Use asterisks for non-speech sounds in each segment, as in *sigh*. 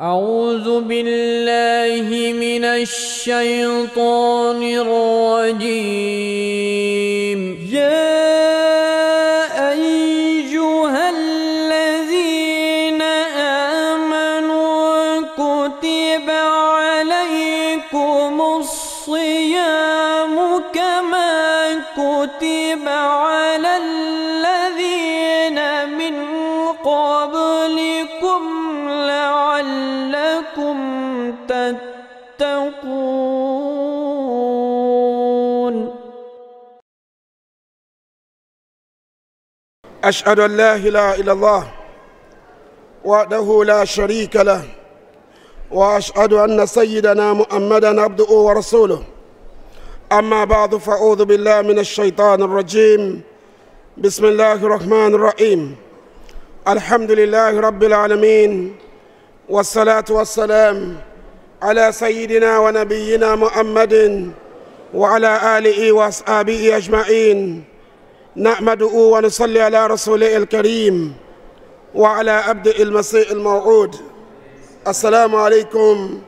أعوذ بالله من الشيطان الرجيم أشهد أن لا إله إلا الله وحده لا شريك له وأشهد أن سيدنا محمدا عبده ورسوله أما بعد فأعوذ بالله من الشيطان الرجيم بسم الله الرحمن الرحيم الحمد لله رب العالمين والصلاة والسلام على سيدنا ونبينا محمد وعلى آله وأصحابه أجمعين نحمده ونصلي على رسوله الكريم وعلى عبد المسيح الموعود السلام عليكم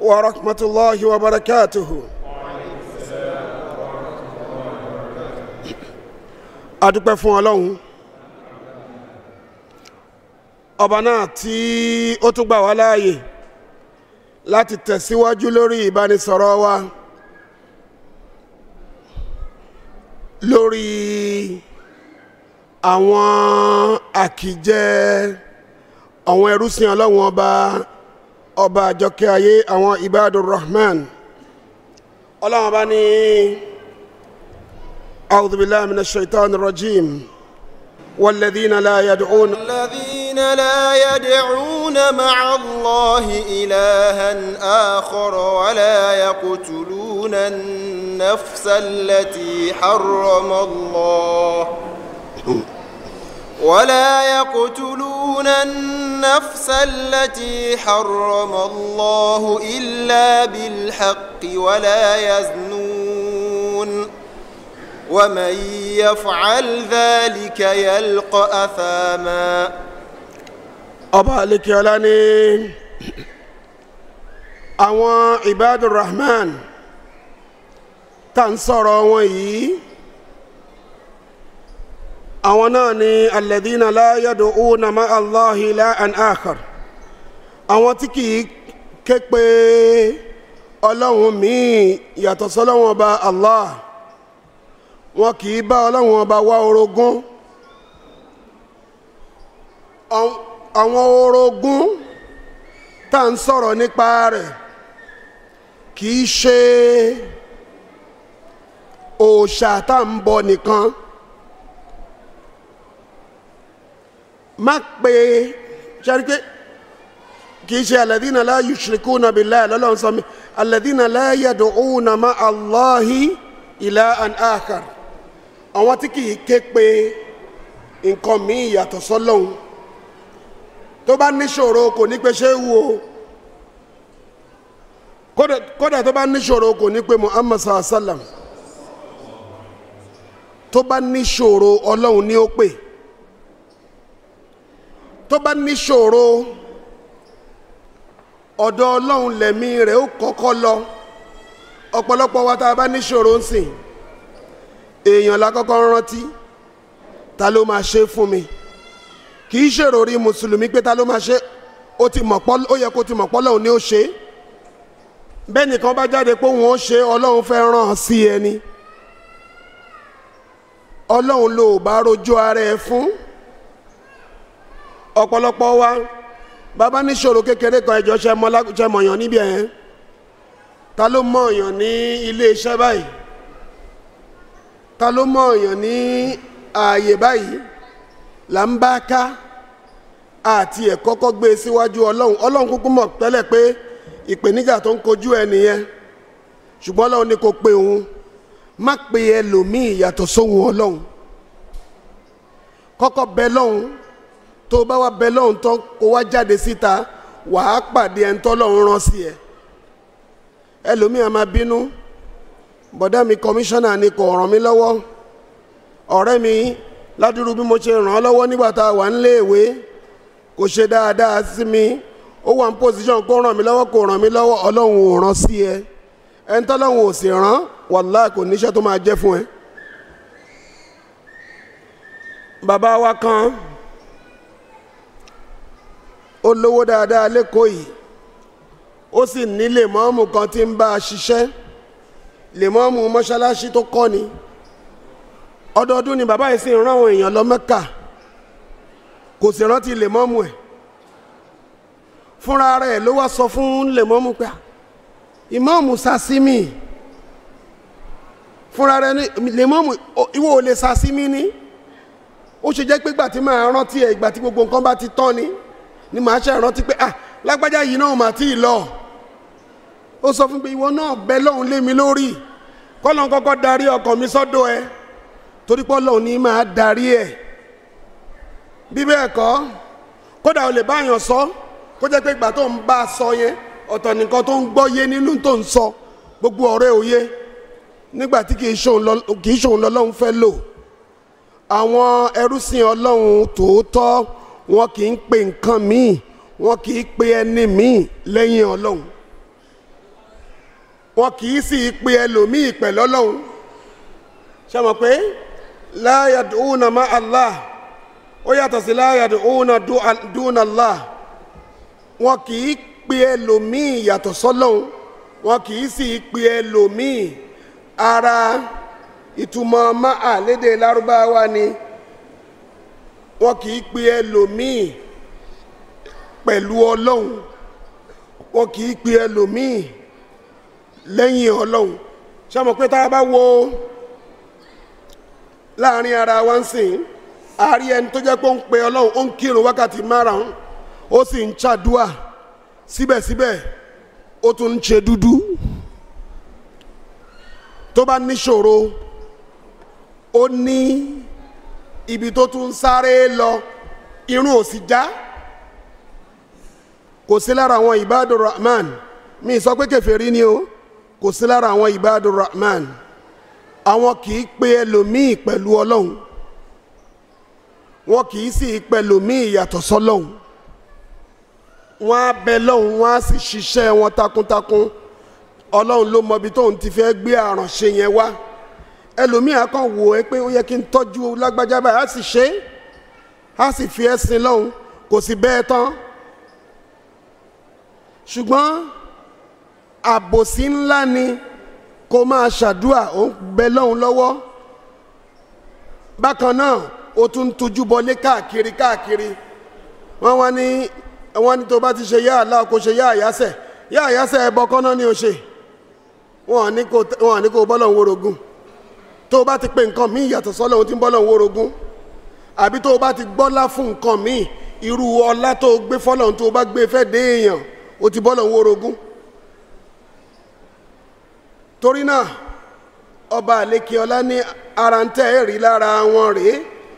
ورحمة الله وبركاته adúpẹ́ fún ọlọ́run ọba náà tí ó tún gbà wá láàyè láti tẹ̀síwájú lórí ìbánisọ̀rọ̀ wa. lórí àwọn àkìjẹ àwọn ẹrúsìn ọlọ́wọ́n ọba ọba àjọkẹ́ ayé àwọn ibadur rahman ọlọ́wọ́n ọba ní a'udhu billahi minash shaitanir rajim والذين لا يدعون الذين لا يدعون مع الله إلها آخر ولا يقتلون الناس النفس التي حرم الله ولا يقتلون النفس التي حرم الله إلا بالحق ولا يزنون ومن يفعل ذلك يلقى أثاما أبالك يا لاني أوان عباد الرحمن tá à ń sọ̀rọ̀ wọn yìí àwọn náà ni alladhina la yad'una ma'a Allahi ilahan akhar àwọn tí kì í ké pe ọlọ́run míì yàtọ̀ sọ́lọ́run ọba Allah wọn kì í bá ọlọ́run ọba wá orogún àwọn orogún tá ń sọ̀rọ̀ nípa rẹ̀ kì í ṣe òòṣà tá à ń bọ nìkan má pe ṣẹ́rí pé kì í ṣe alladhina la yushrikuna billahi lọ́lọ́run sọ mi alladhina la yad'una ma Allahi ilahan akhar àwọn tí kì í ké pe nǹkan míì yàtọ̀ sọ́lọ́hun tó bá níṣòro kò ní pe ṣé wù kódà tó bá níṣòro kò ní pe Muhammad sallallahu alaihi wasallam tó bá níṣòro ọlọ́run ni ó pè tó bá níṣòro ọ̀dọ̀ ọlọ́run lẹ̀mí rẹ̀ ó kọ́kọ́ lọ ọ̀pọ̀lọpọ̀ wa tá a bá níṣòro ń sìn èèyàn la kọ́kọ́ rántí ta ló máa ṣe fún mi kì í ṣèròrí mùsùlùmí pé ta ló máa ṣe ó yẹ kó ti mọ̀ pọ́ lọ́hùn ni ó ṣe bẹ́ẹ̀ nìkan bá jáde pé òun ó ṣe ọlọ́run fẹ́ ràn án sí ẹni ọlọ́run ló bá rojọ́ ara ẹ fún ọ̀pọ̀lọpọ̀ wa bàbá níṣòro kékeré kan ẹjọ́ ṣe mọ̀yàn níbi ẹ̀yẹn ta ló mọ̀yàn ní ilé iṣẹ́ báyìí ta ló mọ̀yàn ní ààyè báyìí là ń bá ká àti ẹ̀ kọ́kọ́ gbé e síwájú ọlọ́run ọlọ́run kúkú mọ̀ tẹ́lẹ̀ pé ìpèníjà tó ń kojú ẹ nìyẹn ṣùgbọ́n ọlọ́run ni kò pe òun. má pe ẹlòmíì yàtọ̀ sóhun ọlọ́run kọ́kọ́ bẹ lọ́hùn tó bá wá bẹ lọ́hùn tán kó wá jáde síta wàá pàdé ẹni tọ́lọ́run rán sí ẹ bínú bọ̀dá mi kọmíṣánná ni kò ràn mí lọ́wọ́ ọ̀rẹ́ mi ládùúrú bí mo ṣe ràn án lọ́wọ́ nígbà tá a wà kò ṣe dáadáa sí mi ó wà ní pòsíṣàn kó ràn mí lọ́wọ́ kò ràn mí lọ́wọ́ wàláì kò níṣẹ́ tó máa jẹ́ fún ẹ bàbá wa kan ó lówó dáadáa lẹ́kọ̀ọ́ yìí ó sì nílé mọ́ọ̀mù kan tí ń bá a ṣiṣẹ́ lè mọ́ṣáláṣí tó kọ́ ni ọdọọdún ni bàbá yìí sì ń rán àwọn èèyàn lọ Mẹ́kà kò sì rántí lè mọ́ọ̀mù ẹ̀ fúnra rẹ̀ ló wá sọ fún lè mọ́ọ̀mù pé ìmọ̀ọ̀mù sasimi fúnra rẹ ní lèmọ́mù ìwọ ò lè sa sí mi ní ó ṣe jẹ́ pé ìgbà tí màá rántí ẹ̀ ìgbà tí gbogbo nǹkan bá ti tán ni ni màá ṣe rántí pé ah lágbájá yìí náà màá tí ì lọ ó sọ fún mi ìwọ náà bẹ lọ́hùn lé mi lórí kọ́lọ́n kọ́kọ́ darí ọkàn mi sọ́dọ̀ ẹ torí pé Ọlọ́hun ni màá darí ẹ bí bẹ́ẹ̀ kọ́ kódà ò lè báyàn sọ kó jẹ́ pé ìgbà tó ń bá a sọ yẹn ọ̀tọ̀ nìkan tó ń gbọ́ yé nínú tó ń sọ gbogbo ọ̀rẹ́ òye nígbà tí kìí ṣòun lọ́lọ́run fẹ́ lò àwọn ẹrúsìn ọlọ́run tòótọ́ wọn kì í pe nǹkan míì wọn kì í pe ẹni míì lẹ́yìn ọlọ́run wọn kì í sì pe ẹlòmíì pẹ̀lú ọlọ́run ṣe mọ̀ pé la yad'una ma Allah ó yàtọ̀ sí la yad'una duna Allah wọn kì í pe ẹlòmíì yàtọ̀ sọ́lọ́run wọn kì í sì pe ẹlòmíì ara ìtumọ̀ máa lédè lárúbáwá ni wọn kì í pe ẹlòmíì pẹ̀lú ọlọ́run wọn kì í pe ẹlòmíì lẹ́yìn ọlọ́run ṣàmọ̀ pé tá a bá wo láàrin ara wa ń sìn àárí ẹni tó jẹ́ pé ó ń pe ọlọ́run ó ń kírun wákàtí márùn-ún ó sì ń ṣàdúà síbẹ̀síbẹ̀ ó tún ń ṣe dúdú tó bá níṣòro ó ní ibi tó tún sáré lọ irun ò sì já kò sí lára àwọn ibadur rahman mi sọ pé kèfèrí ni o kò sí lára àwọn ibadur rahman àwọn kì í pe ẹlòmíì pẹ̀lú ọlọ́run wọn kì í sì í pe ẹlòmíì yàtọ̀ sọ́lọ́run wọn á bẹ lọ́hùn wọn á sì ṣiṣẹ́ wọn takuntakun ọlọ́run ló mọbi tóun ti fẹ́ gbé àránṣe yẹn wá ẹlòmíà kan wò ẹ pé ó yẹ kí n tọ́jú lágbájá báyìí á sì ṣe é á sì fi ẹ̀sìn lọ́hùn kò sì bẹ́ẹ̀ tán ṣùgbọ́n àbòsí ńlá ni kó máa ṣàdúà ó ń bẹ lọ́hùn lọ́wọ́ bákan náà ó tún ń tujú bọlé káàkiri káàkiri wọ́n wá ní wọ́n ní tó bá ti ṣe yá kó ṣe yá àyásẹ̀ yá àyásẹ̀ ni ó ṣe wọn ní ní kó bọ́lọ̀ ń worogún tó o bá ti pe nǹkan míì yàtọ̀ sọ́lọ́ ohun tí ń bọ́lọ̀ ń worogún àbí tó o bá ti gbọ́lá fún nǹkan míì irú ọlá tó o gbé fọ́lọ̀ tó o bá gbé fẹ́ dé èèyàn o ti bọ́lọ̀ ń worogún torí náà ọba àlekè ọlá ní ara lára wọn rèé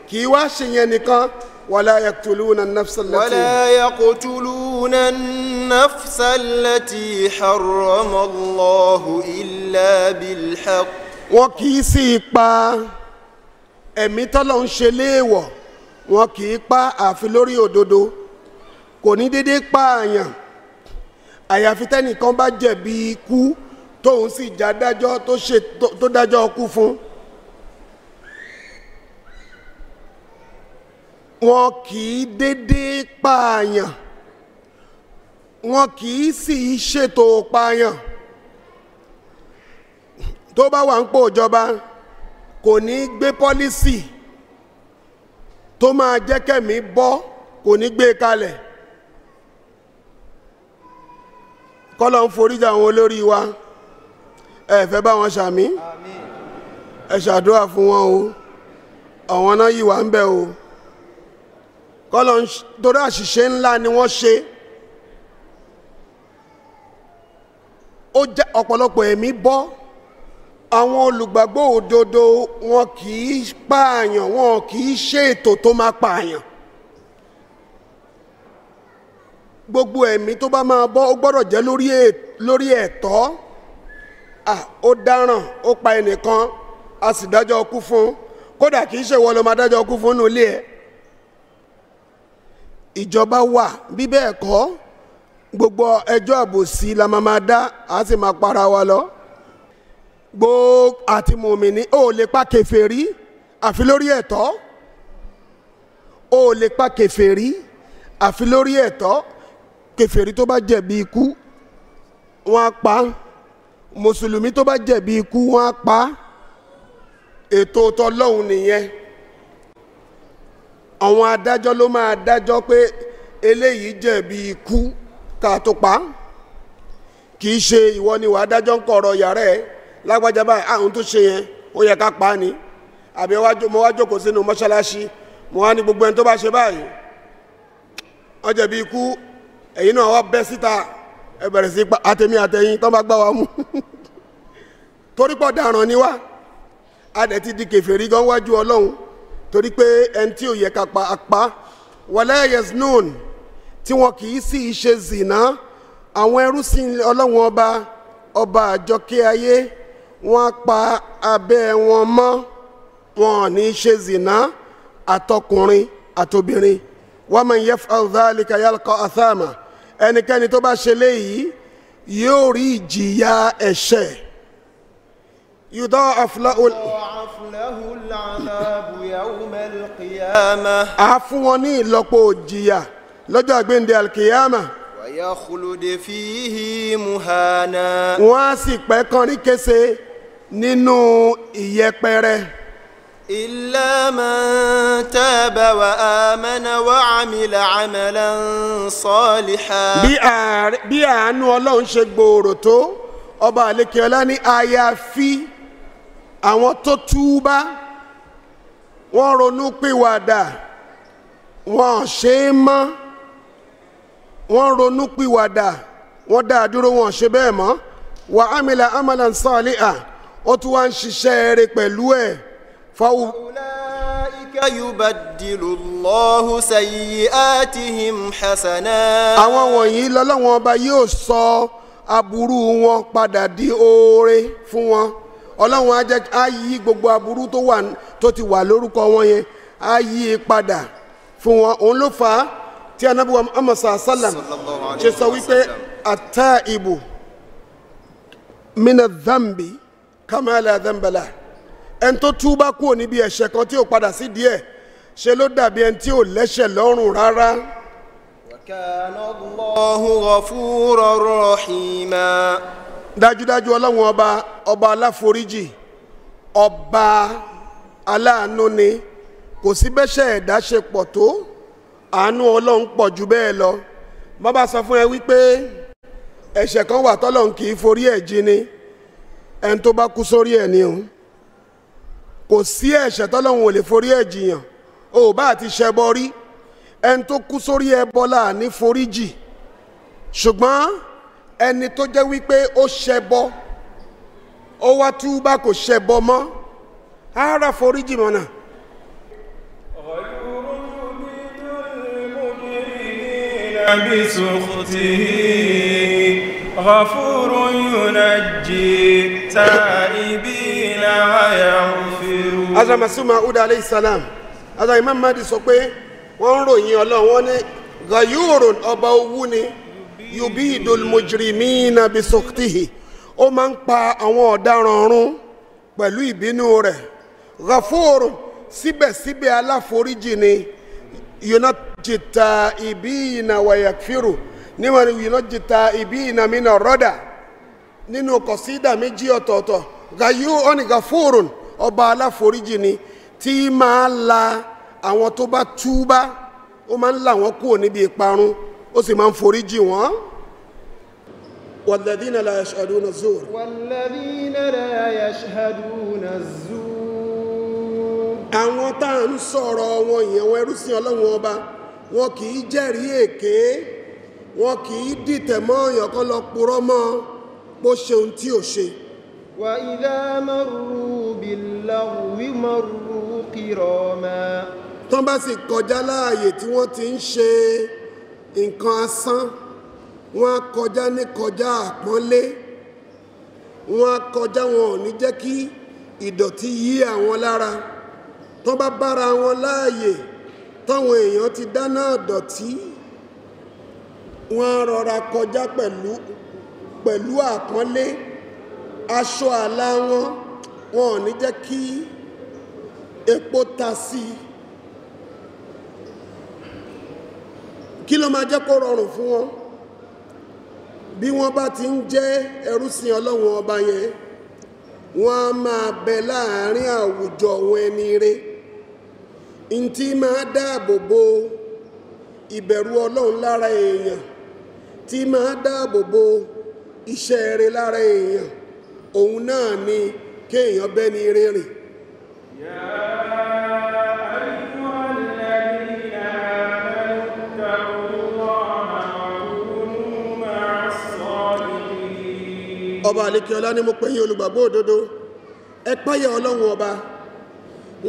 kì í wá ṣèyẹn nìkan ولا يقتلون النفس التي ولا يقتلون النفس التي حرم الله إلا بالحق wọn kì í sì pa ẹ̀mí tọ́lọ̀ ń ṣe léèwọ̀ wọn kì í pa àfi lórí òdodo kò ní dédé pa àyàn àyàfi tẹ́nìkan bá jẹ̀bi ikú tóun sì já dájọ́ tó dájọ́ ikú fún un wọn kì í déédéé pààyàn wọn kì í sì í ṣètò pààyàn tó bá wà ń pò ìjọba kò ní gbé pọ́lísì tó máa jẹ́ kẹ́mi bọ́ kò ní gbé kalẹ̀ kọ́lọ̀ ń foríjà àwọn olórí wa ẹ fẹ́ bá wọn ṣàmì ẹ ṣàdúrà fún wọn o àwọn náà yìí wà ń bẹ̀ o kọ́lọ̀ torí àṣìṣe ńlá ni wọ́n ṣe ó jẹ́ ọ̀pọ̀lọpọ̀ ẹ̀mí bọ́ àwọn olùgbàgbọ́ òdodo wọn kì í pààyàn wọn kì í ṣe ètò tó máa pààyàn gbogbo ẹ̀mí tó bá máa bọ́ ó gbọ́dọ̀ jẹ́ lórí ẹ̀tọ́ ó dáràn ó pa ẹnìkan a sì dájọ́ ọkú fún kódà kì í ṣe ìwọ ló máa ọkú fún nílé ẹ̀ ìjọba wà bí bẹ́ẹ̀ kọ́ gbogbo ẹjọ́ àbòsí la máa máa dá a sì máa para wa lọ gbogbo àti mùmíní ò lè pa kèfèrí àfi lórí ẹ̀tọ́ ò lè pa kèfèrí àfi lórí ẹ̀tọ́ kèfèrí tó bá jẹ̀bi ikú wọ́n pa mùsùlùmí tó bá jẹ̀bi ikú wọ́n pa ètò tọlọ́hun nìyẹn àwọn adájọ́ ló máa dájọ́ pé eléyìí jẹ̀bi ikú tá a tó pa kì í ṣe ìwọ ni wàá dájọ́ ń kọ̀rọ̀ yàrá ẹ̀ lágbájá báyìí àwọn ah, tó ṣe yẹn ó yẹ ká pa á ni àbí mo wá jókòó sínú mọ́ṣáláṣí mo wá ní gbogbo ẹni tó bá ṣe báyìí wọ́n jẹ̀bi ikú ẹ̀yin náà wá bẹ́ síta ẹ bẹ̀rẹ̀ sí àtẹ̀mí àtẹ̀yìn tó bá gbá wa mú *laughs* torípọ̀ dàrán ni wá a ti di kèfèrí gan wájú ọlọ́run torí pé ẹni tí ò yẹ ká pa apá wala yaznun tí wọn kì í sì í ṣe zìnà àwọn ẹrú sí ọlọ́run ọba ọba àjọkẹ́ ayé wọn pa abẹ́ wọn mọ́ wọn ò ní ṣe zìnà àtọkùnrin àtobìnrin wa man yaf'al dhalika yalqa athama ẹnikẹ́ni tó bá ṣe léyìí yóò rí ìjìyà ẹ̀ṣẹ̀. يضاعف له يضاعف له العذاب يوم القيامة عفوني لقو جيا لجا بند القيامة ويخلد فيه مهانا واسك بكوني كسي نينو يكبره إلا من تاب وآمن وعمل عملا صالحا bí àánú Ọlọ́run ṣe gbòòrò tó ọba àlekèọlá ní àyàfi àwọn tó túbá wọ́n ronú pìwàdà wọ́n ṣe é mọ́ wọ́n ronú pìwàdà wọ́n dá a dúró wọ́n ṣe bẹ́ẹ̀ mọ́ wà á mìlà amalan saliha ó tún wá ń ṣiṣẹ́ eré pẹ̀lú ẹ̀ fáwọn. ulaika yubaddilu Allahu sayyi'atihim hasanat. àwọn wọ̀nyí lọ́lọ́wọ́n ọba yóò sọ aburú wọn padà di oore fún wọn ọlọ́run á jẹ́ á yí gbogbo aburú tó wà tó ti wà lórúkọ wọn yẹn á yí i padà fún wọn òun ló fà á tí Ànábì wa Muhammad sallam ṣe sọ wípé at-taibu mina dhambi kama la ẹni tó túbá kúrò níbi ẹ̀ṣẹ̀ kan tí ò padà sí díẹ̀ ṣe ló dàbí ẹni tí ò lẹ́ṣẹ̀ lọ́rùn rárá. wa kana Allahu ghafura rahima dájúdájú ọlọ́run ọba ọba aláforíjì ọba aláàánú ni kò sí bẹ́sẹ̀ ẹ̀dá ṣe pọ̀ tó àánú ọlọ́run pọ̀ jù bẹ́ẹ̀ lọ bàbá sọ fún ẹ wípé ẹ̀ṣẹ̀ kan wà tọ́lọ́run kì í forí ẹ̀ jì ni ẹni tó bá kú sórí ẹ̀ ni o kò sí ẹ̀ṣẹ̀ tọ́lọ́run ò lè forí ẹ̀ jìyàn o bá àti ṣẹbọ rí ẹni tó kú sórí ẹbọ là ní foríjì ṣùgbọ́n ẹni tó jẹ́ wípé ó ṣẹbọ ó wá túbá kò ṣẹbọ mọ́ á rà foríjì náà. غفور ينجي تائبين ويغفر Hazrat Masih Maud alayhi salam Hazrat Imam Mahdi sọ pé wọ́n ń ròyìn Ọlọ́run wọ́n yubidul mujrimina bisuktihi o ma ń pa àwọn ọ̀daràn ọ̀run pẹ̀lú ìbínú rẹ̀ ghafur síbẹ̀síbẹ̀ aláforíjì ni yunajita ibina wayakfiru níwọ̀n ni yunajita ina mina rọ́dà nínú kọ̀sídà méjì ọ̀tọ̀ọ̀tọ̀ gayu ọ̀nì ghafurun ọba aláforíjì ni tí máa la àwọn tó bá túbá ó máa ń là wọ́n kúrò níbi ìparun ó sì máa ń foríjì wọ́n والذين لا يشهدون الزور والذين لا يشهدون الزور àwọn tá à ń sọ̀rọ̀ wọn yẹn wọn ẹrú sin ọlọ́run ọba wọn kì í jẹ́rìí èké wọn kì í dìtẹ̀ mọ́ ọ̀yàn kan lọ purọ́ mọ́ bó ṣe ohun tí ò ṣe. wa idha marru bil-lagwi marru kirama. tán sì kọjá láàyè tí wọ́n ti ń ṣe é nǹkan asán wọ́n á kọjá ní kọjá àpọ́nlé wọ́n á kọjá wọn ò ní jẹ́ kí ìdọ̀tí yí àwọn lára tán bá bára wọn láàyè táwọn èèyàn ti dáná ìdọ̀tí wọ́n rọra kọjá pẹ̀lú pẹ̀lú àpọ́nlé aṣọ àlà wọn wọn ò ní jẹ́ kí epo ta sí i. kí ló máa jẹ́ kó rọrùn fún wọn bí wọ́n bá ti ń jẹ́ ẹrúsìn ọlọ́run ọba yẹn wọ́n á máa bẹ láàárín àwùjọ àwọn ẹni rẹ̀ n tí máa dáàbò bo ìbẹ̀rù ọlọ́run lára èèyàn tí máa dáàbò bo iṣẹ́ rẹ̀ lára èèyàn òun náà ni kéèyàn bẹ́ni rere. Yeah. ọba àlékiọlá ní mo pẹ̀yìn olùgbàgbọ́ òdodo ẹ páyà ọlọ́run ọba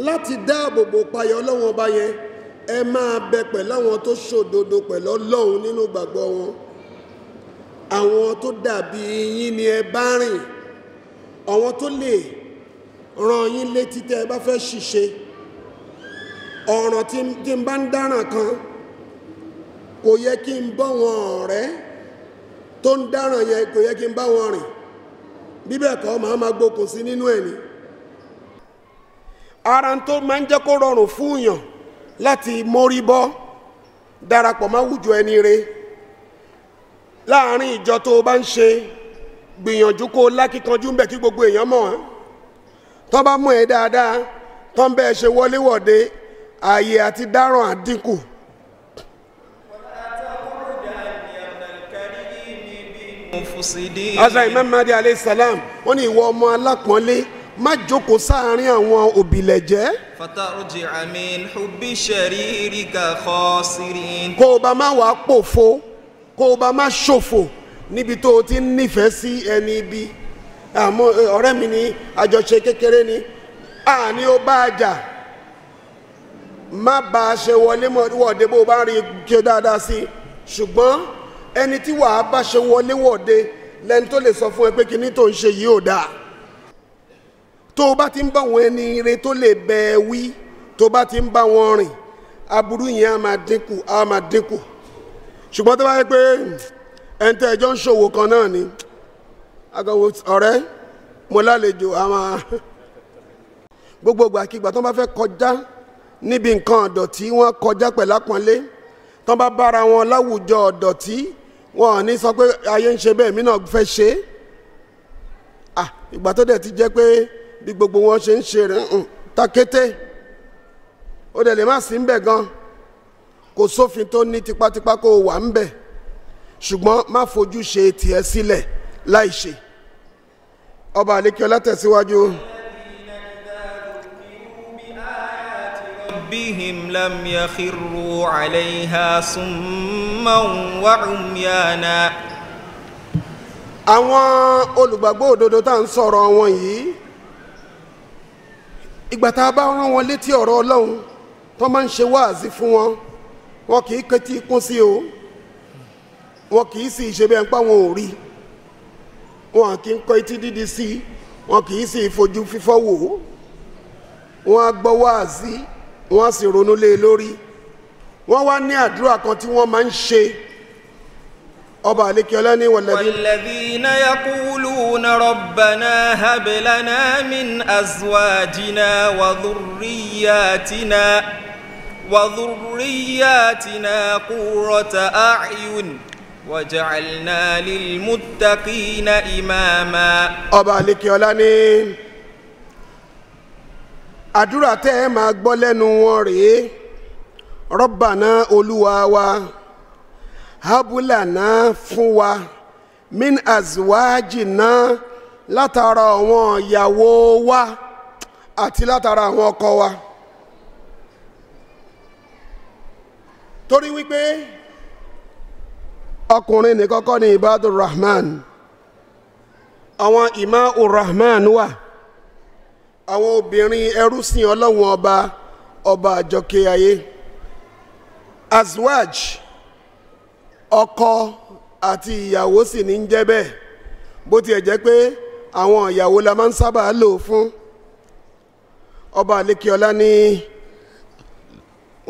láti dáàbòbò páyà ọlọ́run ọba yẹn ẹ máa bẹ pẹ̀lú àwọn tó ṣòdodo pẹ̀lú ọlọ́run nínú gbàgbọ́ wọn àwọn tó dàbí yín ni ẹ bá rìn àwọn tó lè ràn yín létí tẹ́ ẹ bá fẹ́ ṣiṣẹ́ ọ̀ràn tí n bá ń dáràn kan kò yẹ kí n bọ́ wọn ọ̀rẹ́ tó ń dáràn yẹn kò yẹ kí n bá wọn rìn bíbẹ̀ kọ́ máa ma gbókun sí nínú ẹ̀ ni ara tó máa ń jẹ́ kó rọrùn fún yàn láti mórí bọ́ darapọ̀ máwùjọ ẹni re láàrin ìjọ tó o bá ń ṣe gbìyànjú kó o lákìkanjú ń bẹ̀ kí gbogbo èèyàn mọ̀ ẹ́ tó bá mọ̀ ẹ́ dáadáa tó ń bẹ́ẹ̀ ṣe wọléwọ̀de ààyè àti dáràn àdínkù azra imam alayhi salam wọ́n ní ìwọ ọmọ alápọ̀nlé má jókòó sáàárín àwọn òbílẹ̀jẹ́. fataruji amin hubi shariri ka khasirin. kó o bá má wàá pòfo kó o bá má ṣòfò níbi tó o ti ń nífẹ̀ẹ́ sí ẹni ibi àmọ́ ọ̀rẹ́ mi ni àjọṣe kékeré ni àní o bá a jà má bá a ṣe wọlé wọ̀de bó o bá rí i kí o dáadáa sí i ṣùgbọ́n ẹni tí wàá bá ṣe wọléwọ̀de lẹni tó lè sọ fún ẹ pé kíní tó ń ṣe yìí ò dáa tó o bá ti ń bá wọn ẹni ire tó lè bẹ ẹ wí tó o bá ti ń bá wọn rìn aburú yẹn á máa dínkù á máa dínkù ṣùgbọ́n tó bá yẹ pé ẹni tẹ́ ẹjọ́ ń ṣòwò kan náà ni àgọ́wò ọ̀rẹ́ mo lálejò á máa *laughs* gbogbo ìgbàkigbà tó bá fẹ́ kọjá níbi nǹkan ọ̀dọ̀tí wọ́n kọjá pẹ̀lápọ̀nlé tó bá bára wọn láwùjọ ọ̀dọ̀tí wọn ò ní sọ pé ayé ń ṣe bẹ́ẹ̀ mí náà fẹ́ ṣe é à ah, ìgbà tó dẹ̀ ti jẹ́ pé bí gbogbo wọn ṣe ń ṣe rẹ̀ ń takété ó dẹ̀ lè má sí ń bẹ̀ gan kò sófin tó ní tipátipá kó o wà ń bẹ̀ ṣùgbọ́n má fojú ṣe tiẹ̀ sílẹ̀ láì ṣe ọba àlékiọlá tẹ̀síwájú. ربهم لم يخروا عليها صم عُمًى وَعُمْيَانًا àwọn olùgbàgbọ́ òdodo tá à ń sọ̀rọ̀ wọn yìí ìgbà tá a bá rán wọn létí ọ̀rọ̀ ọlọ́run tó máa ń ṣe wáàzí fún wọn wọn kì í kẹtí kún sí o wọn kì í sì ṣe bẹ́ẹ̀ pa wọn ò rí wọn kì í kọ etí dídí sí i wọn kì í sì fojú fífọ́ wò wọn á gbọ́ wáàzí wọn á sì ronú lé e lórí wọ́n wá ní àdúrà kan tí wọ́n máa ń ṣe ọba àlékiọlá ní wọ̀lẹ́bí. wàlẹ́bíná yaquluna rabbana hablana min azwajina wa dhurriyatina wa dhurriyatina qurrata a'yun waj'alna lilmuttaqina imama. ọba àlékiọlá ní àdúrà tẹ́ ẹ máa gbọ́ lẹ́nu wọn rèé. na olúwa wa habulana fún wa min azwajina látara àwọn ìyàwó wa àti látara àwọn ọkọ wa torí wípé ọkùnrin nìkan ní ibadan rahman àwọn iman urahman wà àwọn obìnrin ẹrú sìn ọba ọba àjọkẹ́ ayé. aswaj ọkọ àti ìyàwó sì ní ń jẹ́ bẹ́ẹ̀ bó tiẹ̀ jẹ́ pé àwọn ìyàwó la máa ń sábà lò fún ọba Alekiola ni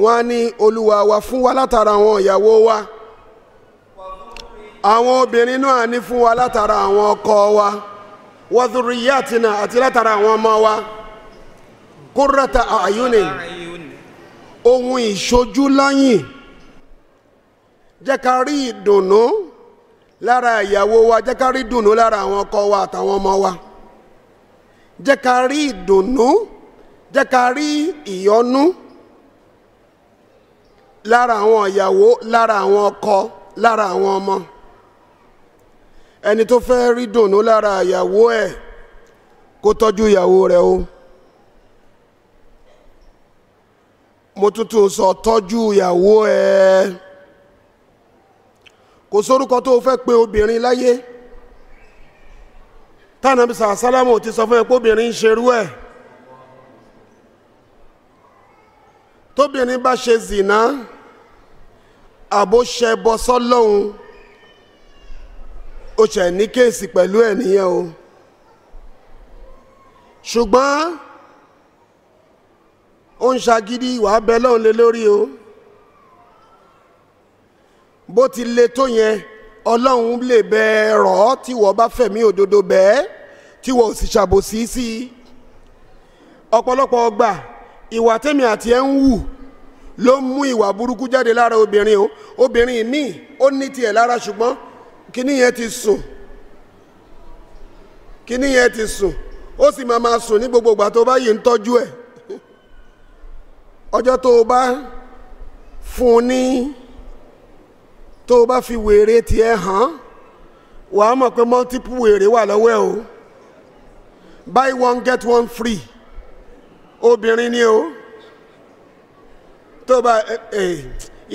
wọ́n á ní olúwa wa fún wa látara àwọn ìyàwó wa àwọn obìnrin náà ní fún wa látara àwọn ọkọ wa wadhurriyatina àti látara àwọn ọmọ wa qurrata a'yunin ohun ìṣojú lọ́yìn jẹ́ ká rí ìdùnnú lára ìyàwó wa jẹ́ ká rí ìdùnnú lára àwọn ọkọ wa àtàwọn ọmọ wa jẹ́ ká rí ìdùnnú jẹ́ ká rí ìyọ́nú lára àwọn ìyàwó lára àwọn ọkọ lára àwọn ọmọ ẹni tó fẹ́ rí dùnnú lára ìyàwó ẹ̀ kó tọ́jú ìyàwó rẹ̀ o mo tuntun sọ tọ́jú ìyàwó ẹ̀. E kò sórúkọ tó o fẹ́ pe obìnrin láyé tánàbí sàlámù ti sọ fún ẹ pé obìnrin ń ṣerú ẹ̀ tóbìnrin bá ṣe zìnà àbó ṣẹbọ sọ́lọ́hun ó ṣẹ̀ ní kéèsì pẹ̀lú ẹ̀ nìyẹn o ṣùgbọ́n ó ń ṣagídí ìwà abẹ́ lọ́hùn lé lórí o bó ti le tó yẹn ọlọ́run lè bẹ ẹ rọ̀ ọ́ tí wọ́n bá fẹ̀mí òdodo bẹ́ẹ̀ tí wọ́n sì ṣàbòsí sí i ọ̀pọ̀lọpọ̀ ọgbà ìwà tèmi àti ẹ̀ ń wù ló ń mú ìwà burúkú jáde lára obìnrin o obìnrin míì ó ní tiẹ̀ lára ṣùgbọ́n kíní yẹn ti sùn kíní yẹn ti sùn ó sì máa máa sùn ní gbogbo tó bá yìí ń tọ́jú ẹ̀ ọjọ́ tó o bá fún un ní tó o bá fi wèrè tiẹ̀ hàn wà á mọ̀ pé multiple wèrè wà lọ́wọ́ ẹ̀ o buy one get one free obìnrin ni o tó o bá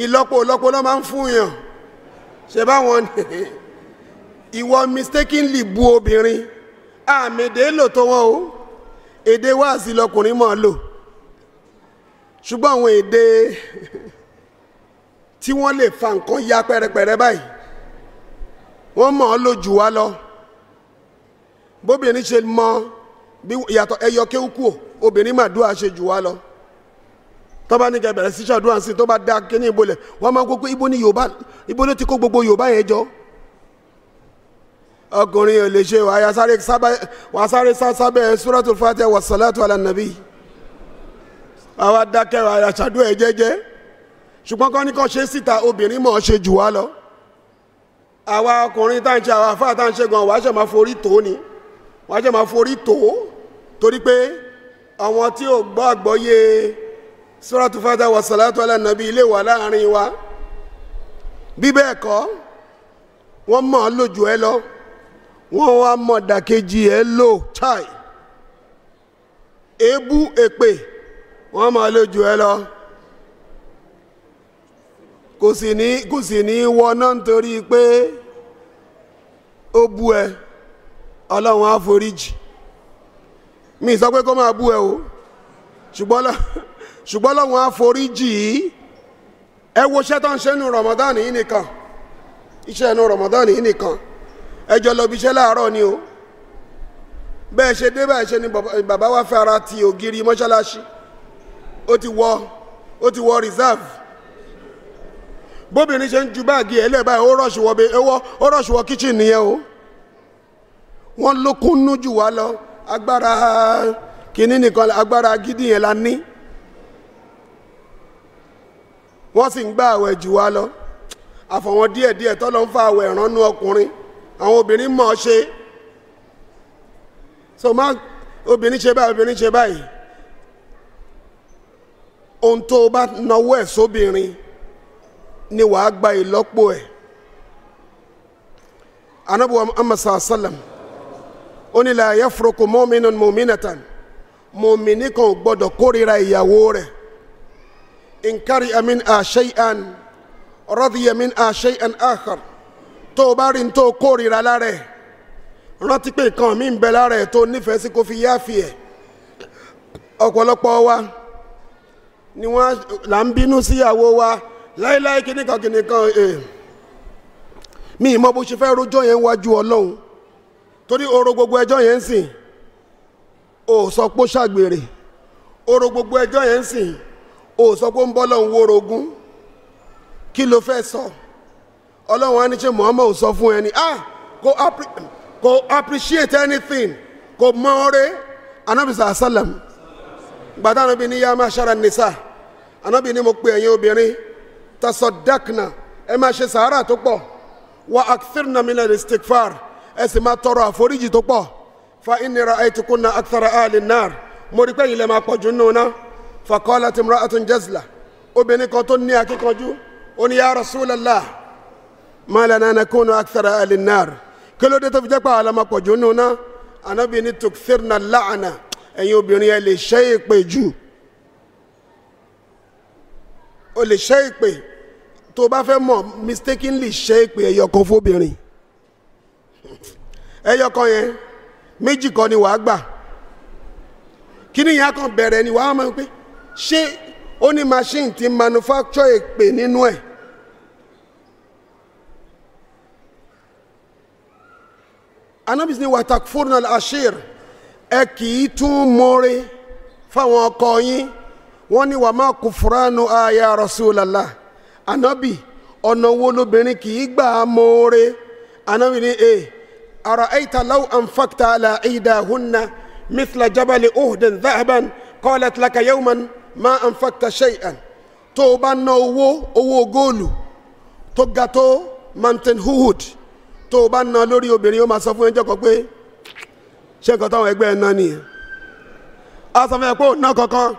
ìlọ́pọ̀ ìlọ́pọ̀ náà máa ń fún yàn ṣe báwọn ni ìwọ mistakenly bu obìnrin àmì èdè lò tó wọn o èdè wáàsí lọkùnrin máa lò ṣùgbọ́n àwọn èdè tí wọ́n lè fa nǹkan ya pẹ́rẹpẹ́rẹ báyìí wọ́n mọ̀ ọ́ lójú wa lọ bóbìnrin ṣe mọ bí yàtọ̀ ẹyọ kéwùkù obìnrin mà dúà ṣe jù wá lọ tọ́ba ní kẹ bẹ̀rẹ̀ sí ṣàdúrà sí tó bá dá kíní ìbolẹ̀ wọ́n máa gbogbo ibo ní yorùbá ibo ló ti kó gbogbo yorùbá yẹn jọ ọkùnrin ò lè ṣe wàá sáré sábẹ́ suratul fatiha wa salatu ala nabi àwa dákẹ́ wàá ṣàdúrà ẹ̀ jẹ́jẹ́ ṣùgbọ́n kọ́ ní kọ́ ṣe síta obìnrin mọ̀ ọ́ ṣe jù wá lọ àwa ọkùnrin tá à ń ṣe àwa afáà tá à ń ṣe gan wàá ṣe máa forí tó ni wàá ṣe máa forí tó torí pé àwọn tí ò gbọ́ àgbọ́yé sọ́ràtú fata wà sàlátú alánàbí ilé wà láàrin wa bí bẹ́ẹ̀ kọ́ wọ́n mọ̀ ọ́ lójú ẹ lọ wọ́n wá mọ̀ dàkejì ẹ lò chai èébú èpè wọ́n mọ̀ ọ́ lójú ẹ lọ kò sì ní kò sì ní wọná nítorí pé ó bú ẹ ọlọ́run á mi sọ pé kó máa bú ẹ o ṣùgbọ́n ọlọ́run á foríjì ẹ wo iṣẹ́ tó ń ṣe nu Ramadan yìí nìkan iṣẹ́ nu Ramadan yìí nìkan ẹ jọ lọ bí iṣẹ́ láàárọ̀ ni o bẹ́ẹ̀ ṣe dé báyìí ṣe ni bàbá wa fẹ́ ara ti ògiri mọ́ṣáláṣí ó ti wọ ó ti wọ reserve bóbìnrin ṣe ń ju báàgì ẹ̀ lẹ́ẹ̀ báyìí ó rọ̀ṣù wọ ewọ́ ó rọ̀ṣù wọ kíchìn nìyẹn o wọ́n ló kúnnú jù wá lọ agbára kínní nìkan agbára gidi yẹn la ní wọ́n sì ń gba àwẹ̀ jù wá lọ àfọ̀wọ́n díẹ̀díẹ̀ tọ́lọ́ ń fa àwẹ̀ ìrànnú ọkùnrin àwọn obìnrin mọ̀ ọ́ ṣe so má obìnrin ṣe báyìí obìnrin ṣe báyìí ohun tó o bá nawọ́ ẹ̀ sóbìnrin. So ni wàá gba ìlọ́po ẹ̀ anabuwa muhammad sallam ó ní la yafruku mu'minun mu'minatan mu'mini kan gbọ́dọ̀ kórìíra ìyàwó rẹ̀ nkari amin a shay'an radiya min a shay'an akhar tó o bá rí n tó o kórìíra lára ẹ̀ rántí pé nǹkan mi ń bẹ lára ẹ̀ tó nífẹ̀ẹ́ sí kó fi yáàfì ẹ̀ ọ̀pọ̀lọpọ̀ wa ni wọ́n là ń bínú síyàwó wa láéláé kíníkan kíníkan eh. mi ìmọ̀ bó ṣe fẹ́ rojọ́ yẹn wájú ọlọ́run torí ọ̀rọ̀ gbogbo ẹjọ́ yẹn ń sìn ò sọ pé ó ṣàgbèrè ọ̀rọ̀ gbogbo ẹjọ́ yẹn ń sìn ò sọ pé ó ń bọ́ lọ́hùn wó rogún kí ló fẹ́ sọ ọlọ́run á ní ṣe Muhammad ò sọ fún ẹni ah kò appre kò appreciate anything kò mọ ọrẹ anabisa asalam gbàdánù bíi ní yá máa ṣára nìsa anabi ni mo pe ẹ̀yin obìnrin tasadakna ẹ máa ṣe sàárà tó pọ̀ wa akthirna min al-istighfar ẹ sì máa tọrọ àforíjì tó pọ̀ fa inni ra'aytukunna akthara ahli an-nar mo rí pé máa pọ̀ jù nínú náà faqalat imra'atun jazla obìnrin kan tó ní akíkanjú ó ní ya rasulallah ma lana nakunu akthara ahli nar kí tó fi jẹ́ pé àlọ́ máa pọ̀ jù nínú náà ẹ̀yin obìnrin ẹ lè ṣe é o lè ṣe ìpè tó o bá fẹ́ mọ̀ mistakenly ṣe ìpè ẹyọkan fóbìnrin ẹyọkan yẹn méjì kan ni wàá gbà kíní yẹn á kàn bẹ̀rẹ̀ ni wàá mọ̀ pé ṣé ó ní machine ti manufacture ìpè nínú ẹ̀. anabis ni watakfurnal ashir ẹ kì í tún mọ́re fáwọn ọkọ yín wọ́n ní wàá má kufranu aya Rasulullah anabi ọ̀nà wo lobìnrin kì í gbà á mọ́ọ́rẹ́ anabi ní e eh, ara'ayta law anfaqta ala ihdahunna mithla jabali uhdin dhahaban qalat laka yawman ma anfaqta shay'an tó o bá ná owó owó góòlù tó ga tó mountain hood tó o bá ná lórí obìnrin ó máa sọ fún ẹjọ́ kan pé ṣé nǹkan táwọn ẹgbẹ́ ẹ ná nìyẹn a sọ fún ẹ pé ò ná kankan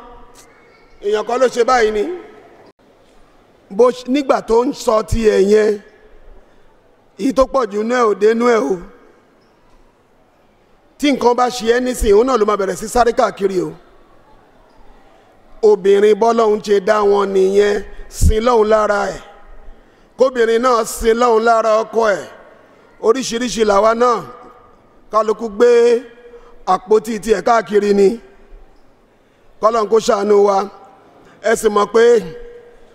èèyàn kan ló ṣe báyìí ni bó nígbà tó ń sọ ti ẹ̀ yẹn èyí tó pọ̀ jù nú ẹ̀ ò dénú ẹ̀ o tí nǹkan bá ṣe ẹ́ nísìnyí òun náà ló máa bẹ̀rẹ̀ sí sáré káàkiri o obìnrin bọ́lọ́hún ṣe dá wọn nìyẹn sin lọ́hún lára ẹ̀ kóbìnrin náà sin lọ́hún lára ọkọ ẹ̀ oríṣiríṣi làwa náà kálukú gbé àpótí tiẹ̀ káàkiri ni kọ́lọ́n kó ṣàánú wa ẹ sì mọ̀ pé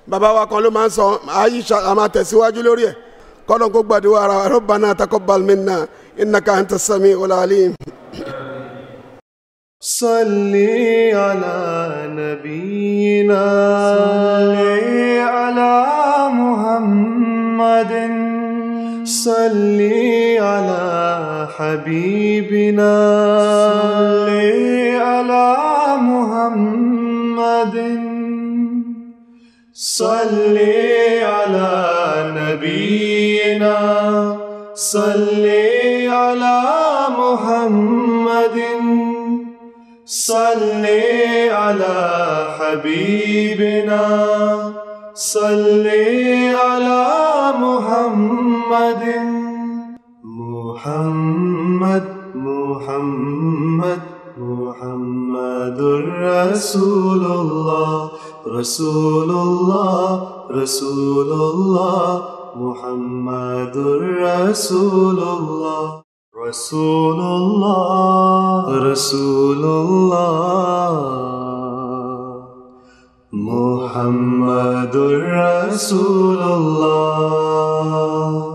bàbá wa kan ló máa ń sọ Aisha a máa tẹ̀síwájú lórí ẹ̀ kọ́nà kó gbàdúrà ara Rabbana taqabbal minna innaka anta sami'ul alim. صلي على نبينا صلي على محمد صلي على حبيبنا صلي على محمد صل على نبينا صل على محمد صل على حبيبنا صل على محمد محمد محمد محمد رسول الله Rasulullah, Rasulullah, Muhammadur Rasulullah, Rasulullah, Rasulullah, Muhammadur Rasulullah.